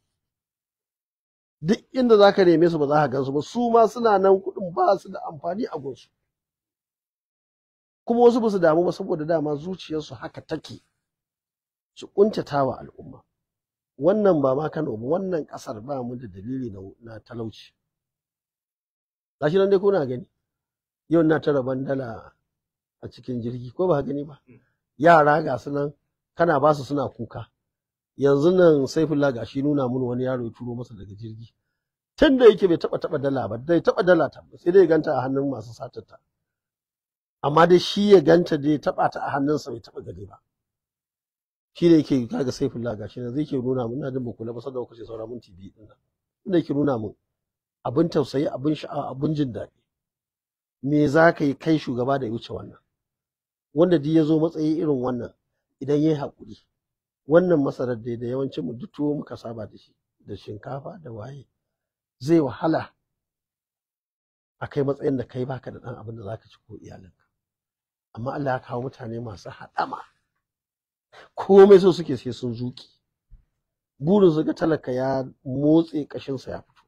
duk inda za ka neme su ba za ka gansu ba su ma suna nan kuɗin ba su da amfani a gunsu kuma wasu ba su damu ba saboda dama zuciyarsu haka take su kuntata al'umma wannan ba ma Kano ba wannan ƙasar ba mu da dalili na talauci shi nan dai kuna gani yau na tara bandala a cikin jirgi ko ba gani ba mm. yara ga su kana ba su suna kuka yanzu nan saifullah shi nuna mun wani yaro ya turo masa daga jirgi tun da yake bai taba taba dala ba dai taba dala ta sai dai ganta a hannun masu satar ta amma dai shi ya ganta dai taba ta a hannunsa bai taba gade ba shi ne yake kaga saifullah shi nan zai ke nuna mun na jin ba kula ba da kuce saura mun TV din nan da yake nuna mun abin tausayi abin sha'awa abin jin daɗi me za ka yi kai shugaba da ya wuce wannan wanda duk ya zo matsayi irin wannan idan ya yi haƙuri wannan masarar da yawancin mu duk tuwo muka saba da shi da shinkafa da waye zai wahala a kai matsayin da kai baka da ɗan abin da zaka ci ko iyalinka amma Allah ya kawo mutane masu haɗama komai so suke sai sun zuki burin su ga talaka ya motse kashinsa ya fito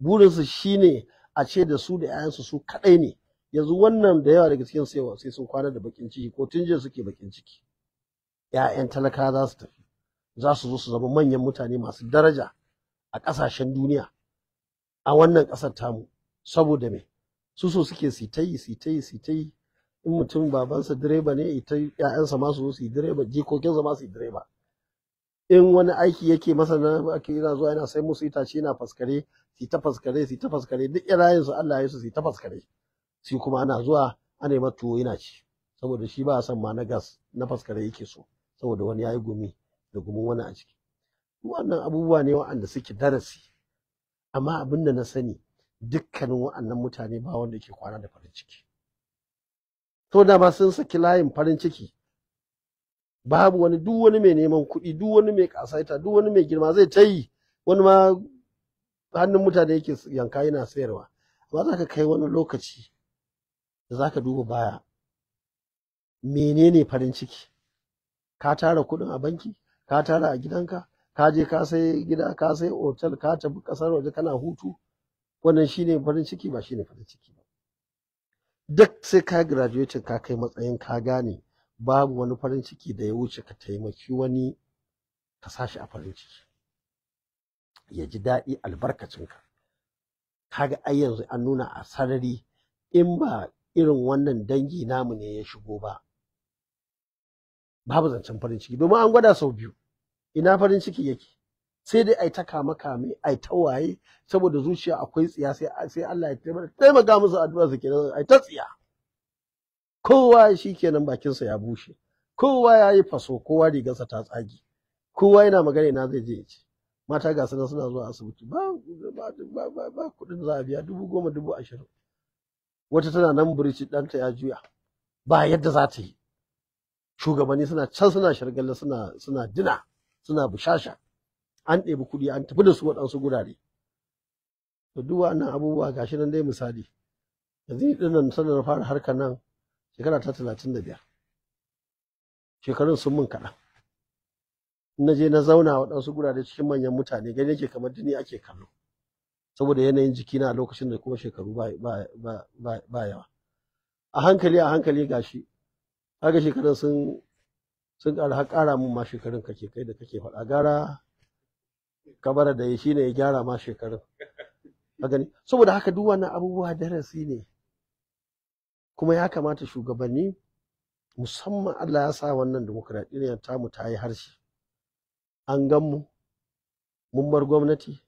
burin su shine a ce da su da 'ya'yansu su kadai ne yanzu wannan da yawa daga cikin sai sun kwana da bakin ciki ko tun suke bakin ciki 'ya'yan talaka za su tafi za su zo su zama manyan mutane masu daraja a ƙasashen duniya a wannan ƙasar tamu saboda me su so suke sitayi sitayi sitayi in mutum babansa direba ne ita ya'yansa ma su zo su yi direba jikokinsa ma su yi direba in wani aiki yake masa na ake yana zuwa yana sai musu itace yana faskare su ta faskare su ta faskare duk irayen su Allah ya su su ta faskare su kuma ana zuwa ana yi tuwo yana ci saboda shi ba a san ma na gas na faskare yake so saboda wani ya yi gumi da gumin wani a ciki wannan abubuwa ne waɗanda suke darasi amma abin da na sani dukkanin waɗannan mutane ba wanda ke kwana da farin ciki to dama sun saki layin farin ciki babu wani duk wani mai neman kuɗi duk wani mai kasaita duk wani mai girma zai ta yi wani ma hannun mutane yake yanka yana sayarwa Ba za ka kai wani lokaci da za ka duba baya menene farin ciki ka tara kuɗin a banki ka tara a gidanka ka je ka sai gida ka sai otal ka tafi kasar waje kana hutu wannan shine farin ciki ba shine farin ciki ba duk sai ka graduating ka kai matsayin ka gane babu wani farin ciki da ya wuce ka taimaki wani ka sashi a farin ciki ya ji daɗi albarkacinka kaga ai yanzu an nuna a sarari in ba irin wannan dangi namu ne ya shigo ba babu zancen farin ciki domin an gwada sau biyu ina farin ciki yake sai dai ai ta kama kame ai ta waye saboda zuciya akwai tsiya sai sai Allah ya taimaka musu addu'a su kenan ai ta tsiya kowa shi kenan sa ya bushe kowa ya yi faso kowa rigarsa ta tsage kowa yana magana ina zai je ya ci mata ga suna suna zuwa asibiti ba ba ba ba kuɗin za a biya dubu goma dubu ashirin wata tana nan birci ɗanta ya juya ba yadda za ta yi shugabanni suna can suna shirgalla suna suna dina suna bushasha an ɗebi kuɗi an tafi da su waɗansu gurare to duk wannan abubuwa gashi nan dai misali yanzu ɗinnan nan sanar fara harkar nan shekara ta talatin da biyar shekarun sun mun kaɗan na je na zauna waɗansu gurare cikin manyan mutane gani yake kamar jini ake kallo saboda yanayin jikina a lokacin da kuma shekaru ba yawa a hankali a hankali gashi kaga shekarun sun sun ƙara ƙara mun ma shekarun kake kai da kake faɗa gara kabara da ya ne ya gyara ma shekarun gani saboda haka duk wannan abubuwa darasi ne kuma ya kamata shugabanni musamman Allah ya sa wannan demokradiyyar mu ta yi harshe an gan mu mun bar gwamnati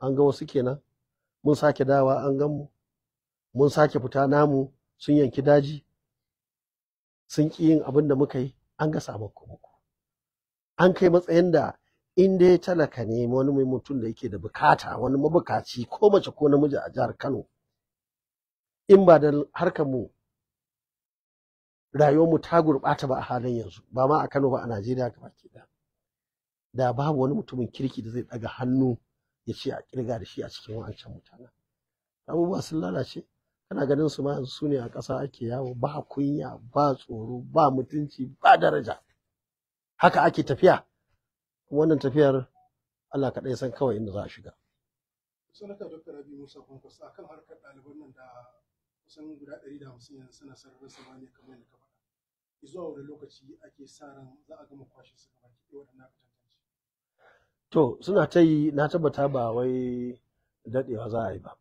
an ga wasu kenan mun sake dawa an gan mu mun sake fita namu sun yanki daji sun ƙi yin abin da muka yi an ga sakamako an kai matsayin da in dai talaka ne wani mai mutum da yake da bukata wani mabukaci ko mace ko namiji a jihar Kano in ba da harkar mu rayuwar mu ta gurɓata ba a halin yanzu ba ma a Kano ba a Najeriya gaba ke da da babu wani mutumin kirki da zai ɗaga hannu ya ce a kirga da shi a cikin wancan mutanen abubuwa sun lalace kana ganin su ma su ne a ƙasa ake yawo ba kunya ba tsoro ba mutunci ba daraja haka ake tafiya wannan tafiyar Allah kaɗai san kawai inda za a shiga sanata dr rabi musa kwankwas a kan harkar ɗaliban nan da kusan guda ɗari da hamsin yanzu suna sararin samaniya kamar yadda ka faɗa zuwa wani lokaci ake sa ran za a gama kwashe su gaba ki waɗanda aka tantance to suna ta yi na tabbata ba wai daɗewa za a yi ba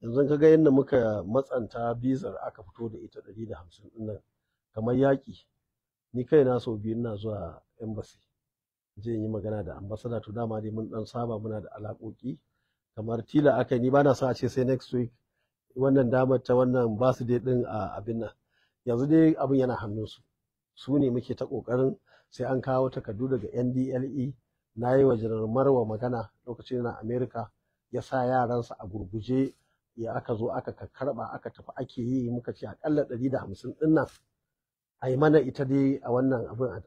yanzu ka ga yadda muka matsanta bizar aka fito da ita ɗari da hamsin ɗin kamar yaƙi ni kai na sau biyu ina zuwa embassy je in yi magana da Ambasada. to dama dai mun dan saba muna da alaƙoƙi kamar tila aka ni ba na sa a ce sai next week wannan damar ta wannan ba su dai ɗin a abin nan yanzu dai abin yana hannunsu su ne muke ta ƙoƙarin sai an kawo takardu daga ndle na yi wa janar marwa magana lokacin na Amerika. ya sa yaransa a gurguje ya aka zo aka karba aka tafi ake yi muka ce akalla ɗari da hamsin ɗinnan nan a yi mana ita dai a wannan abin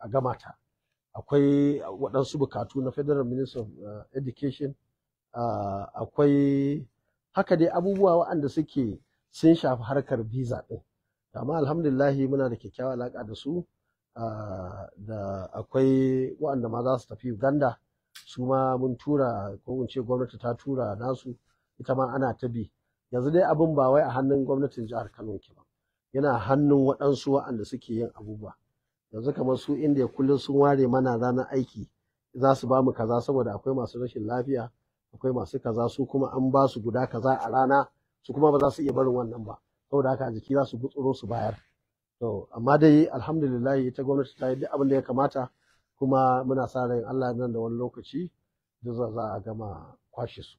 a gama ta akwai waɗansu bukatu na federal minister of uh, education uh, akwai haka dai abubuwa waɗanda suke sun shafi harkar visa ɗin amma alhamdulillahi muna da kyakkyawa alaƙa da su uh, da akwai waɗanda ma za su tafi uganda su ma mun tura ko in ce gwamnati ta tura nasu ita ma ana ta bi yanzu dai abin ba wai a hannun gwamnatin jihar Kano ke ba yana hannun waɗansu waɗanda suke yin abubuwa yanzu kamar su inda kullum sun ware mana ranar aiki za su ba mu kaza saboda akwai masu rashin lafiya akwai masu kaza su kuma an ba su guda kaza a rana su kuma ba za su iya barin wannan ba saboda haka a jiki za su gutsuro su bayar to amma dai alhamdulillah ita gwamnati ta yi duk abin da ya kamata kuma muna sa ran Allah nan da wani lokaci duk za a gama kwashe su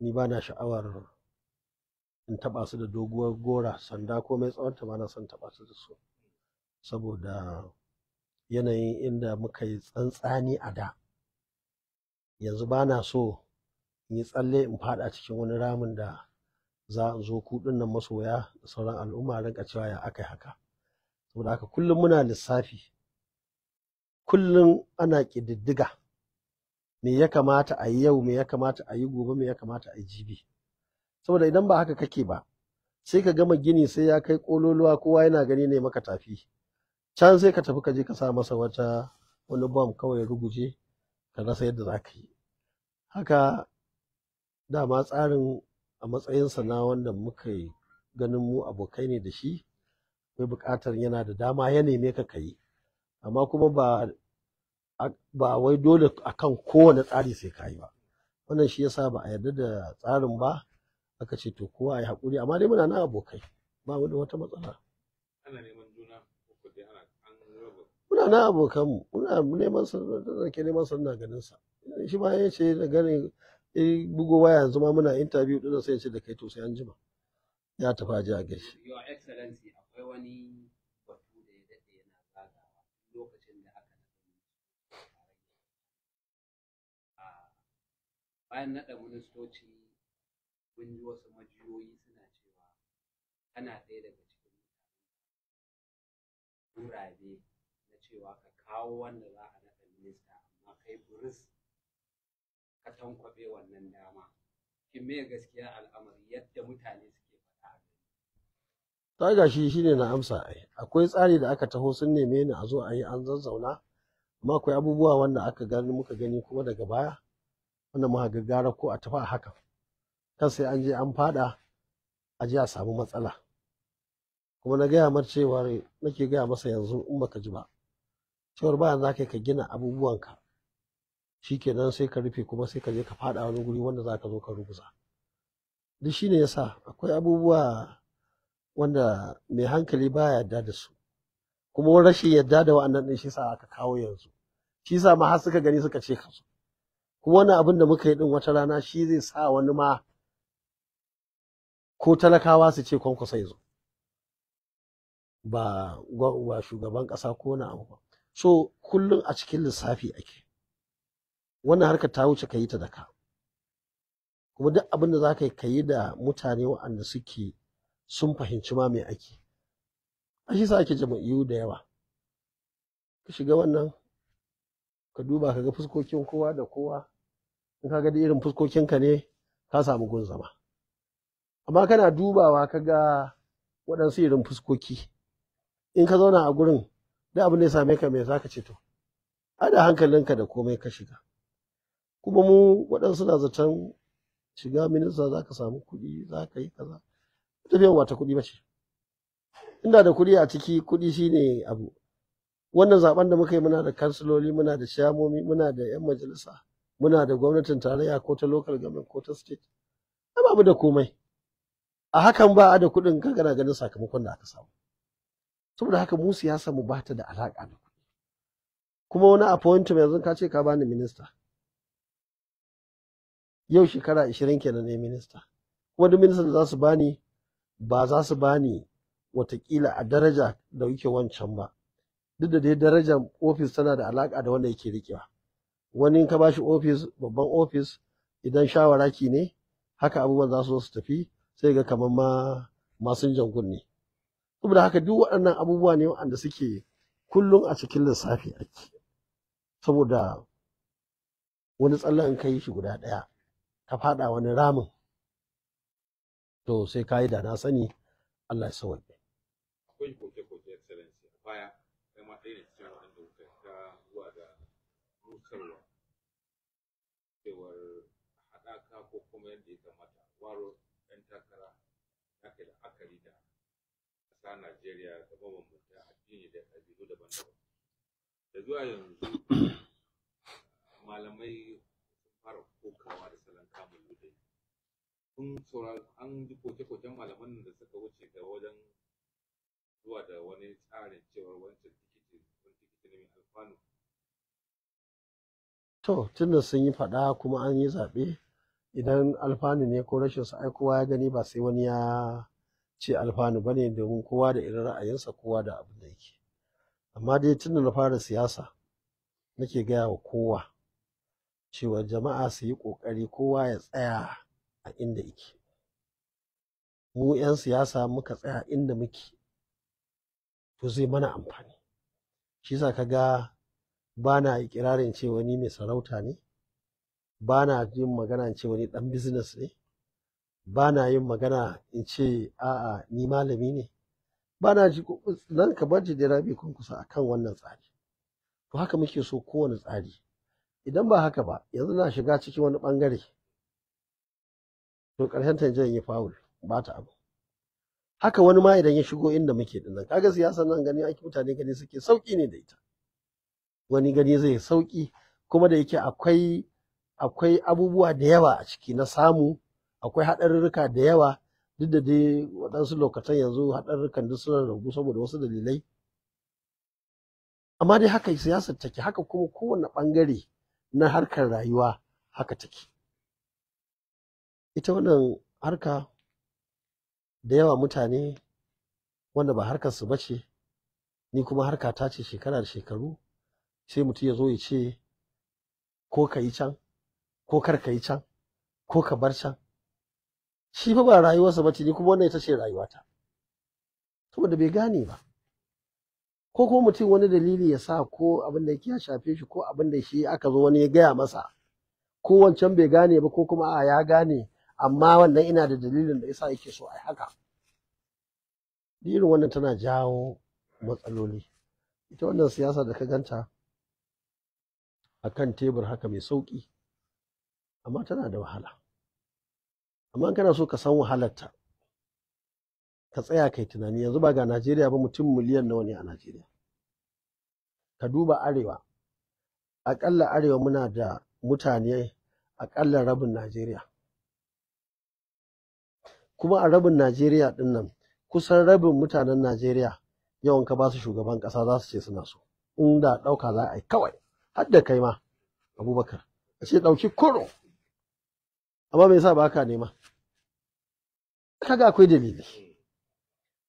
ni ba na sha'awar in taɓa su da doguwar gora sanda ko mai tsawonta ba na son taɓa su da su saboda yanayin inda muka yi tsantsani a da yanzu ba na so in yi tsalle in faɗa cikin wani ramin da za a zo kudin nan masoya da sauran al'umma rinka cewa ya aka haka saboda haka kullum muna lissafi kullum ana ƙididdiga me ya kamata a yi yau me ya kamata a yi gobe me ya kamata a yi jibi saboda idan ba haka kake ba sai ka gama gini sai ya kai kololuwa kowa yana gani ne maka tafi can sai ka tafi ka je ka sa masa wata wani bom kawai ruguje ka rasa yadda za ka yi haka dama tsarin a matsayinsa na wanda muka yi ganin mu abokai ne da shi mai buƙatar yana da dama ya neme ka ka amma kuma ba ba wai dole akan kowane tsari sai ka yi ba wannan shi yasa ba a yarda da tsarin ba aka ce to kowa ya haƙuri amma dai muna na abokai ba mu da wata matsala ana neman juna ko dai ana an raba muna na abokan mu muna neman sanar da ke neman sanar ganin sa shi ma yace da gane eh bugo waya yanzu ma muna interview din sai ya ce da kai to sai an jima ya tafi aje a gaishe your excellency akwai wani bayan naɗa ministoci mun ji wasu majiyoyi suna cewa kana ɗaya daga cikin gurabe na cewa ka kawo wanda za a naɗa minista amma kai buris ka tankwaɓe wannan dama shin me gaskiya al'amari yadda mutane suke faɗa ta gashi shine na amsa ai akwai tsari da aka taho sun neme ni a zo a yi an zazzauna amma akwai abubuwa wanda aka gani muka gani kuma daga baya wanda muka gaggara ko a tafi a haka kan sai an je an fada a ji a samu matsala kuma na gaya mar cewa nake gaya masa yanzu in baka ji ba cewar bayan zaka ka ka gina abubuwanka kenan sai ka rufe kuma sai ka je ka fada wani guri wanda za ka zo ka ruguza duk shi ne yasa akwai abubuwa wanda mai hankali baya yarda da su kuma rashin yarda da wa'annan din shi sa aka kawo yanzu shi sa ma har suka gani suka ce ka su kuma wani abin da muka yi din wata rana shi zai sa wani ma ko talakawa su ce kwankwasa zo ba shugaban kasa ko na abu ba so kullum a cikin lissafi ake wannan harkar ta wuce ka yi ta da kuma duk abin da za ka yi ka yi da mutane waɗanda suke sun fahimci ma mai ake a shi sa ake jama'iyu da yawa ka shiga wannan ka duba ka ga fuskokin kowa da kowa in ka ga da irin fuskokinka ne ka samu gun zama amma kana dubawa ka ga waɗansu irin fuskoki in ka zauna a gurin da abin da ya same ka mai za ka ce to ada hankalinka da komai ka shiga kuma mu waɗansu na zaton shiga minista za ka samu kuɗi za ka yi kaza tafiyan wata kuɗi ba ce inda da kuɗi a ciki kuɗi shine abu wannan zaben da muka yi muna da kansiloli muna da shamomi muna da 'yan majalisa muna da gwamnatin tarayya ko ta local government ko ta state ai babu da komai a hakan ba a da kuɗin ka gana ganin sakamakon da aka samu saboda haka mu siyasa mu ba ta da alaƙa da kuɗi kuma wani appointment yanzu ka ce ka bani minista yau shekara ashirin kenan ne minista kuma duk minister da za su bani ba za su bani watakila a daraja da yake wancan ba duk da dai darajar ofis tana da alaƙa da wanda yake riƙewa wani ka bashi ofis babban ofis idan shawara shawaraki ne haka abubuwan za su su tafi sai ga kamar ma masu jangun ne saboda haka duk waɗannan abubuwa ne waɗanda suke kullum a cikin lissafi ake saboda wani tsallan in ka yi shi guda ɗaya ka faɗa wani ramin to sai ka yi da na sani Allah ya sawaye. cewar haɗaka ko kuma yadda ya kamata waro ɗan takara ya kai la'akari da ƙasa najeriya da mabambanta addini da ƙabilu daban-daban da zuwa yanzu malamai sun fara kokawa da salon kamun ludai sun saurari an ji koke-koken malaman da suka wuce ga wajen zuwa da wani tsarin cewar wancan tikiti wani tikiti mai alfanu to da sun yi faɗa kuma an yi zaɓe idan alfanu ne ko rashin sa ai kowa ya gani ba sai wani ya ce alfanu bane domin kowa da irin ra'ayinsa kowa da abin da yake amma dai tun da na fara siyasa nake gaya wa kowa cewa jama'a su yi ƙoƙari kowa ya tsaya a inda yake mu 'yan siyasa muka tsaya inda muke to zai mana amfani shi sa ka ga ba na ikirarin ce wani mai sarauta ne ba na yin magana in ce wani dan business ne ba na yin magana in ce a'a ni malami ne ba na ji nan ka bar da rabi kun kusa akan wannan tsari to haka muke so kowane tsari idan ba haka ba yanzu na shiga cikin wani bangare to karshen jiya yi faul ba ta abu haka wani ma idan ya shigo inda muke dinnan kaga siyasa nan gani ake mutane gani suke sauki ne da ita wani gani zai sauki kuma da yake akwai akwai abubuwa da yawa a ciki na samu akwai haɗarurruka da yawa duk da dai waɗansu lokacin yanzu haɗarurrukan duk suna ragu saboda wasu dalilai amma dai haka siyasa take haka kuma kowane ɓangare na harkar rayuwa haka take ita wannan harka da yawa mutane wanda ba harkarsu ba ce ni kuma harka ta ce shekara da shekaru sai mutum ya zo ya ce ko ka yi can ko kar ka yi can ko ka bar can shi fa ba rayuwarsa ba ce ni kuma wannan ita ce rayuwata saboda bai gane ba ko kuma mutum wani dalili ya sa ko abin da ya shafe shi ko abin da shi aka zo wani ya gaya masa ko wancan bai gane ba ko kuma a ya gane amma wannan ina da dalilin da yasa yake so a haka irin wannan tana jawo matsaloli ita wannan siyasa da ka ganta a kan tebur haka mai sauƙi amma tana da wahala amma kana so ka san wahalarta ka tsaya kai tunani yanzu ba ga najeriya ba mutum miliyan nawa ne a najeriya ka duba arewa aƙalla arewa muna da mutane aƙalla rabin najeriya kuma a rabin najeriya ɗin nan kusan rabin mutanen najeriya yawan ka ba su shugaban ƙasa za su ce suna so Inda da ɗauka za a yi kawai har da kai ma abubakar a ce ɗauki koro amma me yasa ba ka nema kaga akwai dalili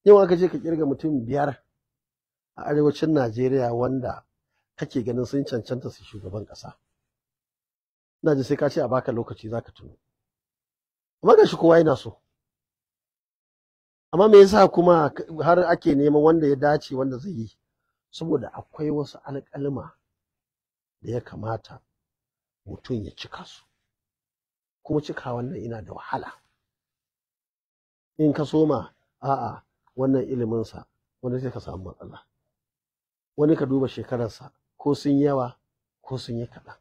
yau aka ce ka kirga mutum biyar a arewacin najeriya wanda kake ganin sun cancanta su shugaban ƙasa ina ji sai ka ce a baka lokaci za ka tuno amma ga shi kowa yana so amma me yasa kuma har ake neman wanda ya dace wanda zai yi saboda akwai wasu alƙalma da ya kamata mutum ya cika su kuma cika wannan ina da wahala in ka soma a'a wannan iliminsa wanda sai ka samu matsala wani ka duba shekararsa ko sun yawa ko sun yi kaɗan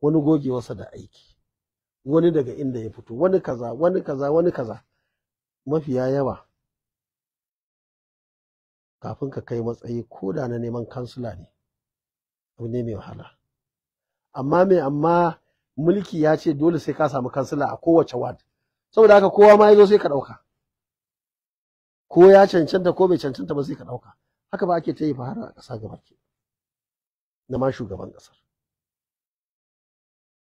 wani gogewarsa da aiki wani daga inda ya fito wani kaza wani kaza wani kaza mafiya yawa kafin ka kai matsayi ko da na neman kansula ne abu ne mai wahala amma me amma mulki ya ce dole sai ka samu kansila a kowace ward saboda haka kowa ma ya zo sai ka ɗauka ko ya cancanta ko bai cancanta ba sai ka ɗauka haka ba ake ta yi fahara a ƙasa gaba ke na ma shugaban ƙasar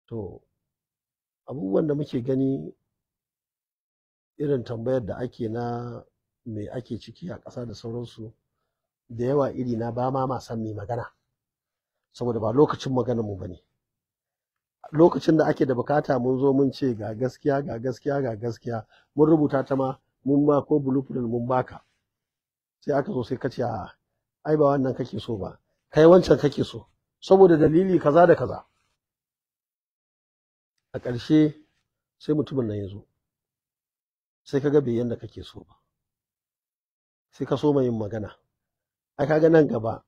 to abubuwan da muke gani irin tambayar da ake na me ake ciki a ƙasa da sauransu da yawa iri na ba ma ma san mai magana saboda ba lokacin maganar mu bane lokacin da ake da bukata mun zo mun ce ga gaskiya ga gaskiya ga gaskiya mun rubuta ta ma mun ba ko blueprint mun baka sai aka zo sai kace a ai ba wannan kake so ba kai wancan kake so saboda dalili kaza da kaza a ƙarshe sai mutumin nan ya zo sai ka ga bai yanda kake so ba sai ka so mai yin magana ai kaga nan gaba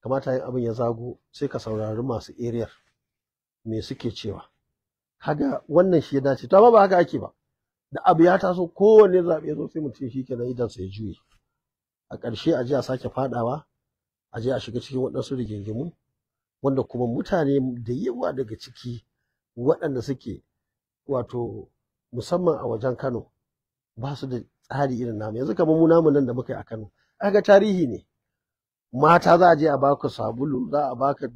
kamata yin abin ya zago sai ka saurari masu eriyar me suke cewa kaga wannan shi ya dace to amma ba haka ake ba da abu ya taso kowanne zaɓe zo sai mutum shi kenan idan ya juye a ƙarshe a je a sake faɗawa a je a shiga cikin waɗansu rigingimu wanda kuma mutane da yawa daga ciki waɗanda suke wato musamman a wajen Kano ba su da tsari irin namu yanzu kamar mu namu nan da muka yi a Kano aga tarihi ne mata za a je a baka sabulu za a baka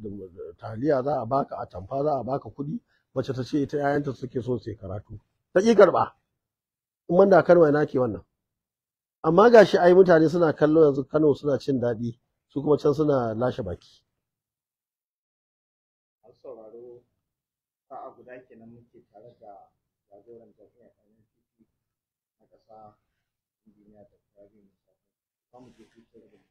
taliya za a baka atamfa za a baka kuɗi mace ta ce ita yayanta suke so sai karatu ta ƙi karba in man da Kano yana ke wannan amma gashi ai mutane suna kallo yanzu Kano suna cin daɗi su kuma can suna lashe baki sauraro sa'a muke tare da jagoran